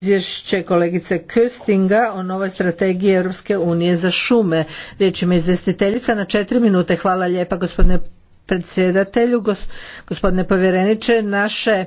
izvješće kolegice Köstinga o novoj strategiji Europske unije za šume. Riječ ima izvjestiteljica na četiri minute. Hvala lijepa gospodine predsjedatelju, gospodine povjereniče. Naše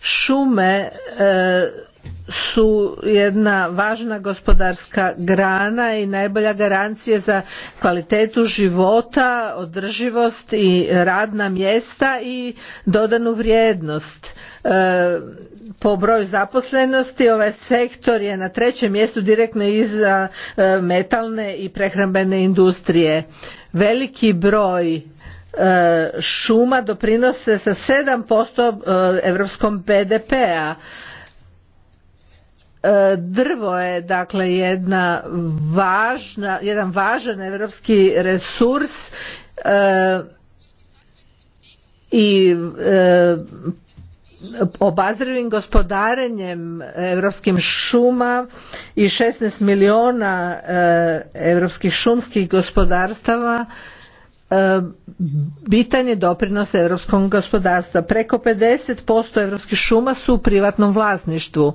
šume e, su jedna važna gospodarska grana i najbolja garancija za kvalitetu života, održivost i radna mjesta i dodanu vrijednost. E, po broju zaposlenosti ovaj sektor je na trećem mjestu direktno iza e, metalne i prehrambene industrije. Veliki broj e, šuma doprinose sa 7% europskom BDP-a E, drvo je dakle jedna važna, jedan važan europski resurs e, i e, obazrivim gospodarenjem europskim šuma i 16 milijuna europskih šumskih gospodarstava bitan je doprinos europskog gospodarstva. Preko 50% europskih šuma su u privatnom vlasništvu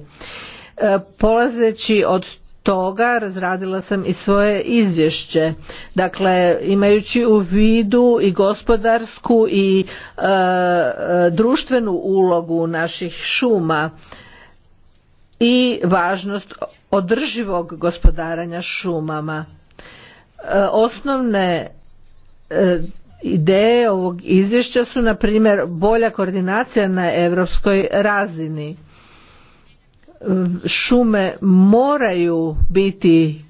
E, polazeći od toga razradila sam i svoje izvješće. Dakle, imajući u vidu i gospodarsku i e, e, društvenu ulogu naših šuma i važnost održivog gospodaranja šumama. osnovne ideje ovog izvješća su na primjer bolja koordinacija na europskoj razini šume moraju biti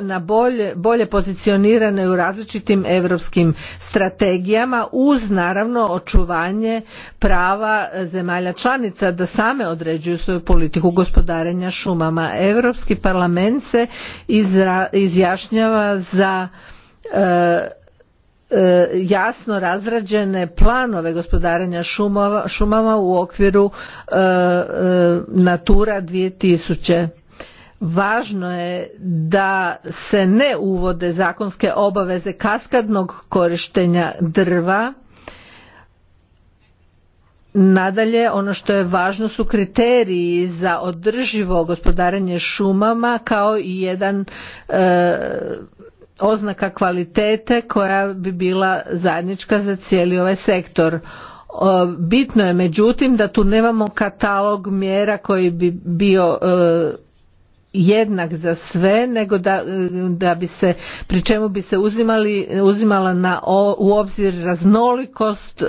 na bolje, bolje pozicionirane u različitim europskim strategijama uz naravno očuvanje prava zemalja članica da same određuju svoju politiku gospodarenja šumama. Europski parlament se izjašnjava za e, E, jasno razrađene planove gospodarenja šumama u okviru e, e, Natura 2000. Važno je da se ne uvode zakonske obaveze kaskadnog korištenja drva. Nadalje, ono što je važno su kriteriji za održivo gospodarenje šumama kao i jedan oznaka kvalitete koja bi bila zajednička za cijeli ovaj sektor. Bitno je međutim da tu nemamo katalog mjera koji bi bio e, jednak za sve nego da, e, da bi se pri čemu bi se uzimali, uzimala na, u obzir raznolikost e,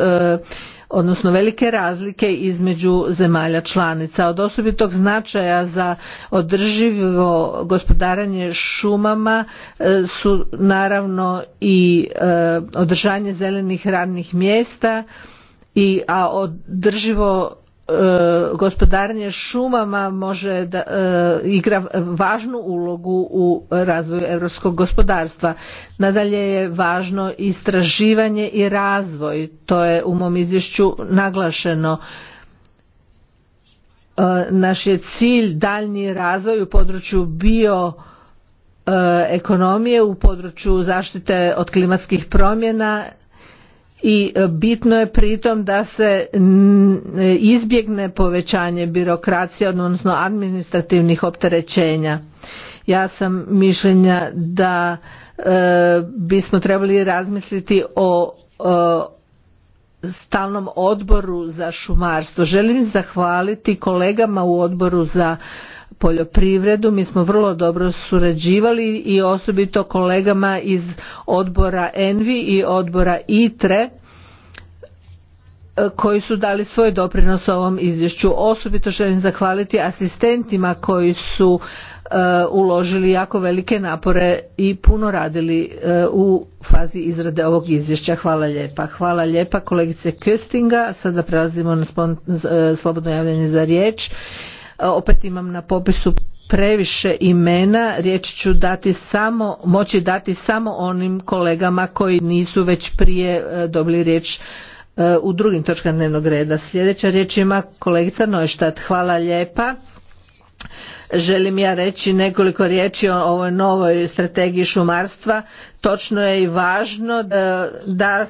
odnosno velike razlike između zemalja članica. Od osobitog značaja za održivo gospodaranje šumama e, su naravno i e, održanje zelenih radnih mjesta i a održivo E, gospodarenje šumama može da e, igra važnu ulogu u razvoju europskog gospodarstva. Nadalje je važno istraživanje i razvoj, to je u mom izvješću naglašeno. E, naš je cilj daljnji razvoj u području bio ekonomije u području zaštite od klimatskih promjena i e, bitno je pritom da se e, izbjegne povećanje birokracije odnosno administrativnih opterećenja ja sam mišljenja da e, bismo trebali razmisliti o, o stalnom odboru za šumarstvo želim zahvaliti kolegama u odboru za poljoprivredu. Mi smo vrlo dobro surađivali i osobito kolegama iz odbora Envi i odbora ITRE e, koji su dali svoj doprinos ovom izvješću. Osobito želim zahvaliti asistentima koji su e, uložili jako velike napore i puno radili e, u fazi izrade ovog izvješća. Hvala lijepa. Hvala lijepa kolegice Köstinga. Sada prelazimo na slobodno javljanje za riječ. E, opet imam na popisu previše imena, riječ ću dati samo, moći dati samo onim kolegama koji nisu već prije e, dobili riječ e, u drugim točkama dnevnog reda. Sljedeća riječ ima kolegica Nojštat. Hvala lijepa. Želim ja reći nekoliko riječi o ovoj novoj strategiji šumarstva. Točno je i važno da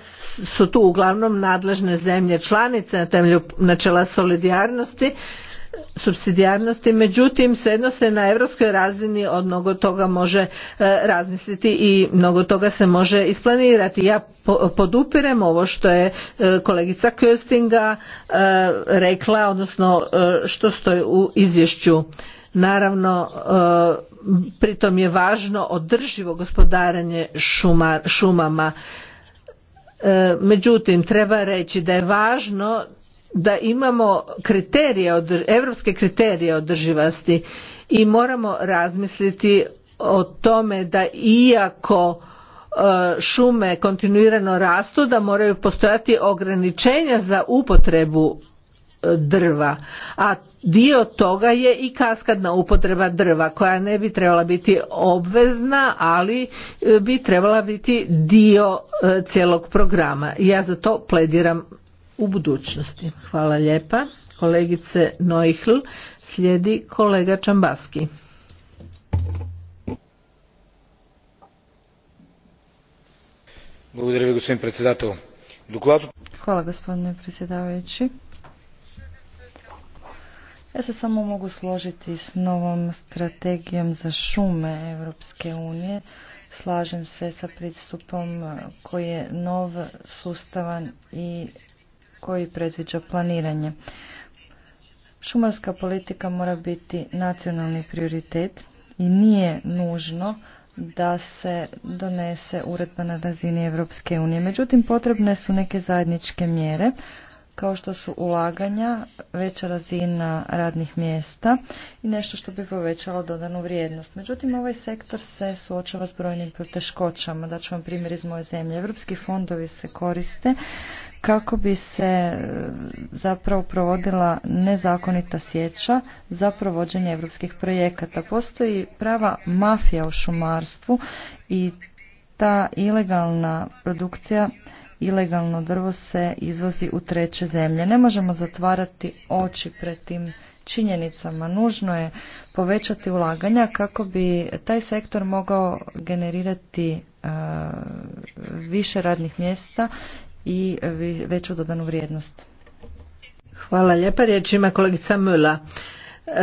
su tu uglavnom nadležne zemlje članice na temelju načela solidarnosti subsidijarnosti, međutim svejedno se na europskoj razini od mnogo toga može e, razmisliti i mnogo toga se može isplanirati. Ja podupirem ovo što je e, kolegica Köstinga e, rekla, odnosno što stoji u izvješću. Naravno, pritom je važno održivo gospodaranje šumama. Međutim, treba reći da je važno da imamo kriterije, evropske kriterije održivosti i moramo razmisliti o tome da iako e, šume kontinuirano rastu da moraju postojati ograničenja za upotrebu e, drva a dio toga je i kaskadna upotreba drva koja ne bi trebala biti obvezna ali e, bi trebala biti dio cijelog programa ja za to plediram u budućnosti. Hvala lijepa. Kolegice Noihl slijedi kolega Čambaski. Hvala gospodine predsjedavajući. Ja se samo mogu složiti s novom strategijom za šume Europske unije. Slažem se sa pristupom koji je nov, sustavan i koji predviđa planiranje. Šumarska politika mora biti nacionalni prioritet i nije nužno da se donese uredba na razini Europske unije. Međutim, potrebne su neke zajedničke mjere kao što su ulaganja, veća razina radnih mjesta i nešto što bi povećalo dodanu vrijednost. Međutim, ovaj sektor se suočava s brojnim proteškoćama. Da ću vam primjer iz moje zemlje. Europski fondovi se koriste kako bi se e, zapravo provodila nezakonita sjeća za provođenje europskih projekata. Postoji prava mafija u šumarstvu i ta ilegalna produkcija ilegalno drvo se izvozi u treće zemlje. Ne možemo zatvarati oči pred tim činjenicama. Nužno je povećati ulaganja kako bi taj sektor mogao generirati e, više radnih mjesta i veću dodanu vrijednost. Hvala lijepa. Riječ kolegica Mula.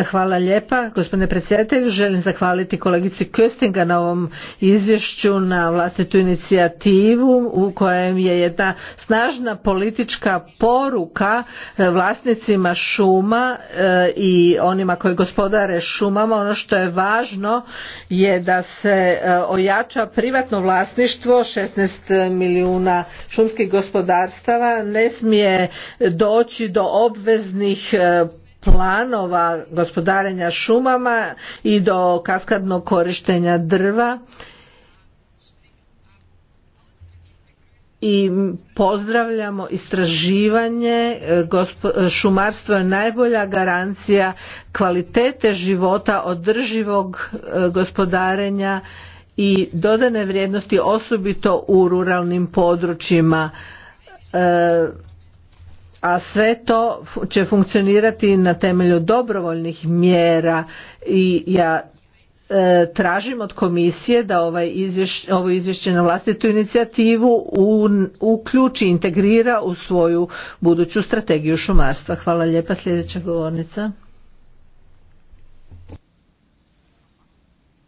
Hvala lijepa. Gospodine predsjedatelju, želim zahvaliti kolegici Köstinga na ovom izvješću na vlastitu inicijativu u kojem je jedna snažna politička poruka e, vlasnicima šuma e, i onima koji gospodare šumama. Ono što je važno je da se e, ojača privatno vlasništvo 16 milijuna šumskih gospodarstava. Ne smije doći do obveznih planova gospodarenja šumama i do kaskadnog korištenja drva i pozdravljamo istraživanje e, e, šumarstvo je najbolja garancija kvalitete života održivog e, gospodarenja i dodane vrijednosti osobito u ruralnim područjima a sve to će funkcionirati na temelju dobrovoljnih mjera i ja e, tražim od komisije da ovaj ovo izvješće na vlastitu inicijativu uključi, integrira u svoju buduću strategiju šumarstva. Hvala lijepa. Sljedeća govornica.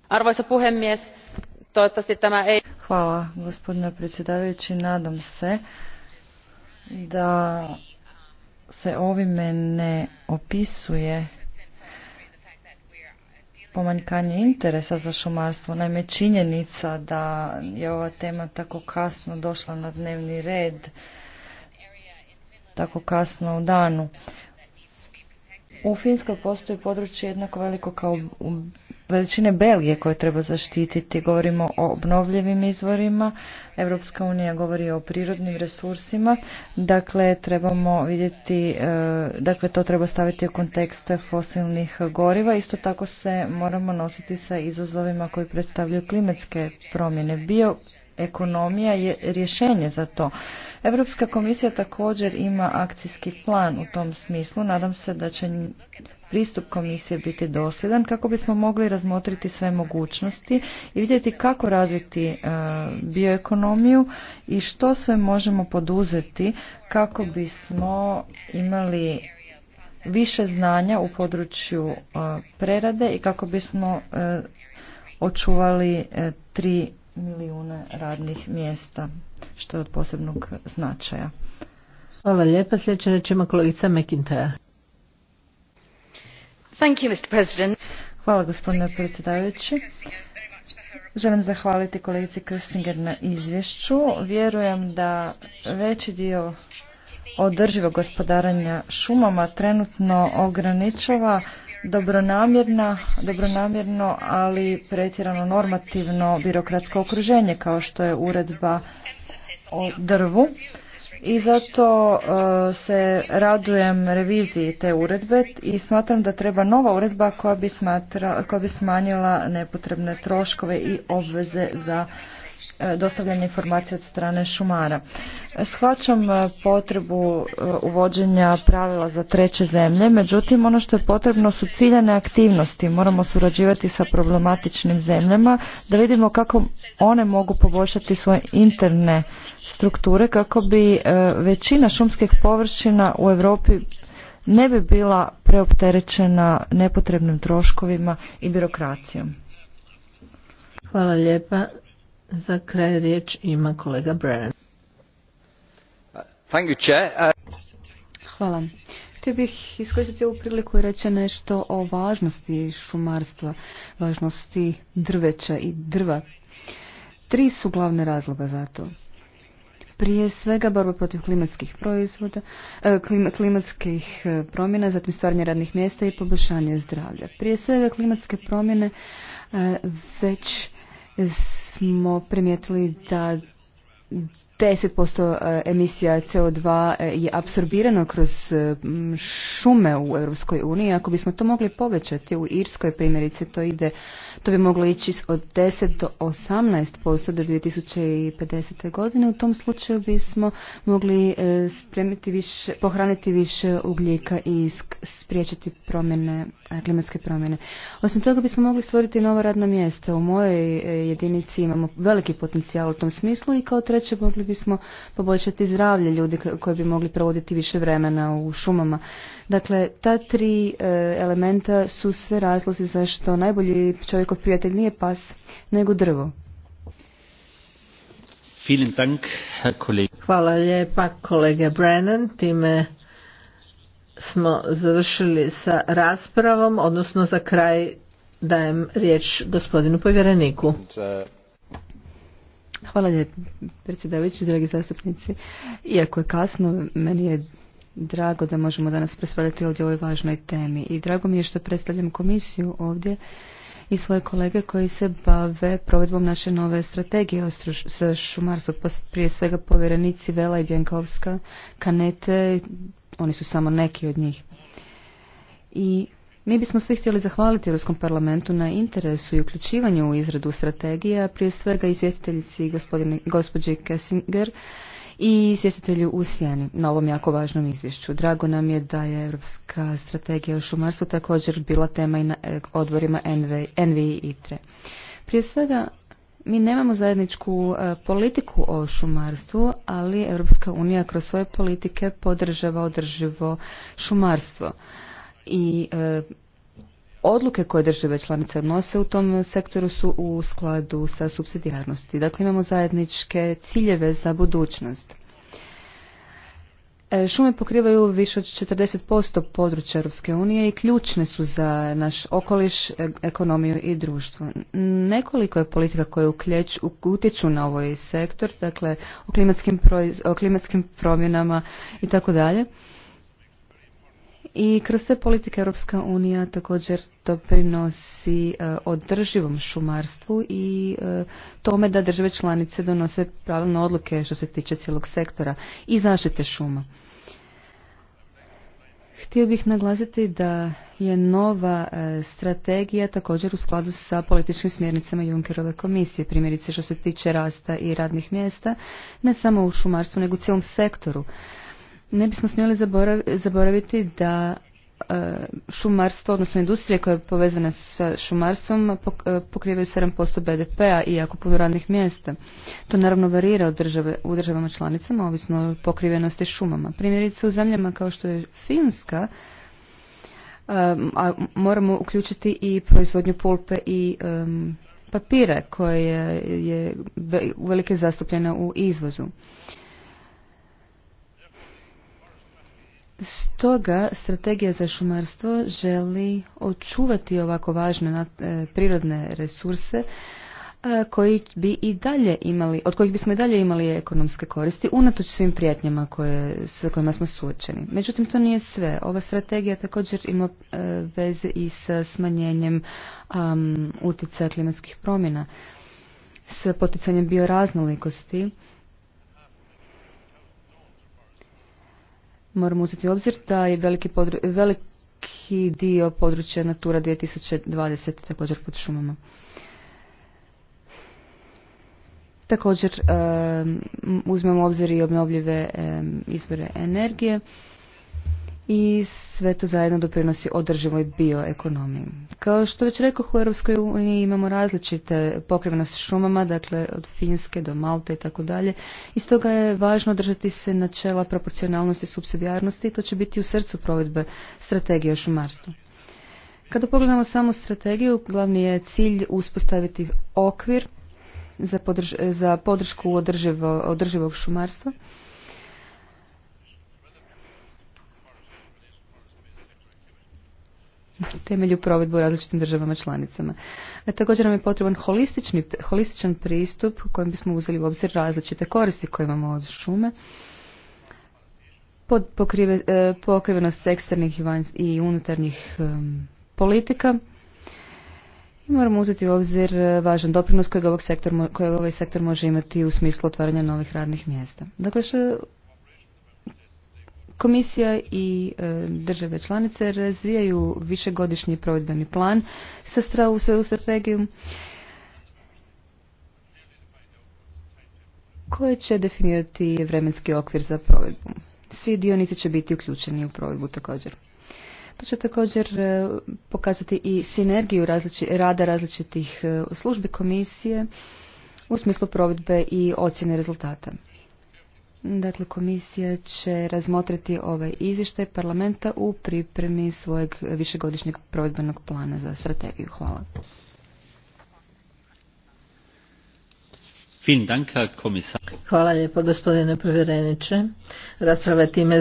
Arvoisa puhemies, toivottavasti tämä ei... Hvala gospodine predsjedavajući. Nadam se da se ovime ne opisuje pomanjkanje interesa za šumarstvo. Naime, činjenica da je ova tema tako kasno došla na dnevni red, tako kasno u danu. U Finskoj postoji područje jednako veliko kao veličine Belgije koje treba zaštititi. Govorimo o obnovljivim izvorima. Europska unija govori o prirodnim resursima. Dakle, trebamo vidjeti, e, dakle, to treba staviti u kontekst fosilnih goriva. Isto tako se moramo nositi sa izazovima koji predstavljaju klimatske promjene. Bio ekonomija je rješenje za to. Europska komisija također ima akcijski plan u tom smislu. Nadam se da će pristup komisije biti dosljedan kako bismo mogli razmotriti sve mogućnosti i vidjeti kako razviti e, bioekonomiju i što sve možemo poduzeti kako bismo imali više znanja u području e, prerade i kako bismo e, očuvali tri milijune radnih mjesta, što je od posebnog značaja. Hvala lijepa, sljedeća rečima kolegica McIntyre. Thank you, Mr. President. Hvala gospodine predsjedavajući. Želim zahvaliti kolegici Köstinger na izvješću. Vjerujem da veći dio održivog gospodaranja šumama trenutno ograničava dobronamjerna, dobronamjerno, ali pretjerano normativno birokratsko okruženje kao što je uredba o drvu i zato e, se radujem reviziji te uredbe i smatram da treba nova uredba koja bi, smatra, koja bi smanjila nepotrebne troškove i obveze za E, dostavljanje informacije od strane šumara. Shvaćam e, potrebu e, uvođenja pravila za treće zemlje, međutim ono što je potrebno su ciljane aktivnosti. Moramo surađivati sa problematičnim zemljama da vidimo kako one mogu poboljšati svoje interne strukture kako bi većina šumskih površina u Europi ne bi bila preopterećena nepotrebnim troškovima i birokracijom. Hvala lijepa. Za kraj riječ ima kolega Brennan. Uh, Hvala. Htio bih iskoristiti ovu priliku i reći nešto o važnosti šumarstva, važnosti drveća i drva. Tri su glavne razloga za to. Prije svega borba protiv klimatskih proizvoda, e, klimatskih e, promjena, zatim stvaranje radnih mjesta i poboljšanje zdravlja. Prije svega klimatske promjene e, već smo primijetili da 10% e, emisija CO2 e, je apsorbirano kroz e, šume u Europskoj uniji. Ako bismo to mogli povećati u Irskoj primjerice, to ide, to bi moglo ići od 10 do 18% do 2050. godine. U tom slučaju bismo mogli spremiti više, pohraniti više ugljika i spriječiti promjene, klimatske promjene. Osim toga bismo mogli stvoriti nova radna mjesta. U mojoj jedinici imamo veliki potencijal u tom smislu i kao treće mogli mogli bismo poboljšati zdravlje ljudi koji bi mogli provoditi više vremena u šumama. Dakle, ta tri e, elementa su sve razlozi zašto najbolji čovjekov prijatelj nije pas, nego drvo. Hvala lijepa kolega Brennan, time smo završili sa raspravom, odnosno za kraj dajem riječ gospodinu povjereniku. Uh, Hvala lijepo, predsjedavajući, dragi zastupnici. Iako je kasno, meni je drago da možemo danas predstavljati ovdje o ovoj važnoj temi. I drago mi je što predstavljam komisiju ovdje i svoje kolege koji se bave provedbom naše nove strategije za šumarstvo, prije svega povjerenici Vela i Bjankovska, Kanete, oni su samo neki od njih. I mi bismo svi htjeli zahvaliti Europskom parlamentu na interesu i uključivanju u izradu strategija, prije svega izvjestiteljici gospođi Kessinger i izvjestitelju u na ovom jako važnom izvješću. Drago nam je da je Europska strategija o šumarstvu također bila tema i na e, odborima NVI i ITRE. Prije svega, mi nemamo zajedničku e, politiku o šumarstvu, ali Europska unija kroz svoje politike podržava održivo šumarstvo i e, odluke koje države članice odnose u tom sektoru su u skladu sa subsidijarnosti. Dakle, imamo zajedničke ciljeve za budućnost. E, šume pokrivaju više od 40% područja Europske unije i ključne su za naš okoliš, e, ekonomiju i društvo. Nekoliko je politika koje utječu na ovaj sektor, dakle o klimatskim, o klimatskim promjenama i tako dalje. I kroz te politike Europska unija također doprinosi e, održivom šumarstvu i e, tome da države članice donose pravilne odluke što se tiče cijelog sektora i zaštite šuma. Htio bih naglasiti da je nova e, strategija također u skladu sa političkim smjernicama Junckerove komisije, primjerice što se tiče rasta i radnih mjesta, ne samo u šumarstvu nego u cijelom sektoru. Ne bismo smjeli zaboraviti da e, šumarstvo, odnosno industrije koja je povezana sa šumarstvom e, pokrivaju 7% BDP-a i jako puno radnih mjesta. To naravno varira od države, u državama članicama, ovisno o pokrivenosti šumama. Primjerice u zemljama kao što je Finska, e, a moramo uključiti i proizvodnju pulpe i papire koje koja je velike zastupljena u izvozu. Stoga strategija za šumarstvo želi očuvati ovako važne e, prirodne resurse e, koji bi i dalje imali, od kojih bismo i dalje imali ekonomske koristi unatoč svim prijetnjama koje, s kojima smo suočeni. Međutim, to nije sve. Ova strategija također ima e, veze i sa smanjenjem utjecaja klimatskih promjena, s poticanjem bioraznolikosti Moramo uzeti u obzir da je veliki, veliki dio područja Natura 2020 također pod šumama. Također uzmemo u obzir i obnovljive izvore energije i sve to zajedno doprinosi održivoj bioekonomiji. Kao što već rekao u Europskoj uniji imamo različite pokrivenosti šumama, dakle od Finske do Malte i tako dalje. Iz toga je važno držati se načela proporcionalnosti i subsidijarnosti i to će biti u srcu provedbe strategije o šumarstvu. Kada pogledamo samu strategiju, glavni je cilj uspostaviti okvir za, podršku održivog šumarstva temelju provedbu u različitim državama članicama. E, također nam je potreban holistični, holističan pristup kojim kojem bismo uzeli u obzir različite koristi koje imamo od šume, pod e, pokrivenost eksternih i, i unutarnjih politika i moramo uzeti u obzir e, važan doprinos kojeg, ovog sektor, kojeg ovaj sektor može imati u smislu otvaranja novih radnih mjesta. Dakle, što Komisija i e, države članice razvijaju višegodišnji provedbeni plan sa u strategiju koje će definirati vremenski okvir za provedbu. Svi dionici će biti uključeni u provedbu također. To će također e, pokazati i sinergiju rada različitih e, službi komisije u smislu provedbe i ocjene rezultata. Dakle, komisija će razmotriti ovaj izvještaj parlamenta u pripremi svojeg višegodišnjeg provedbenog plana za strategiju. Hvala. Hvala lijepo gospodine povjereniče. Rasprava time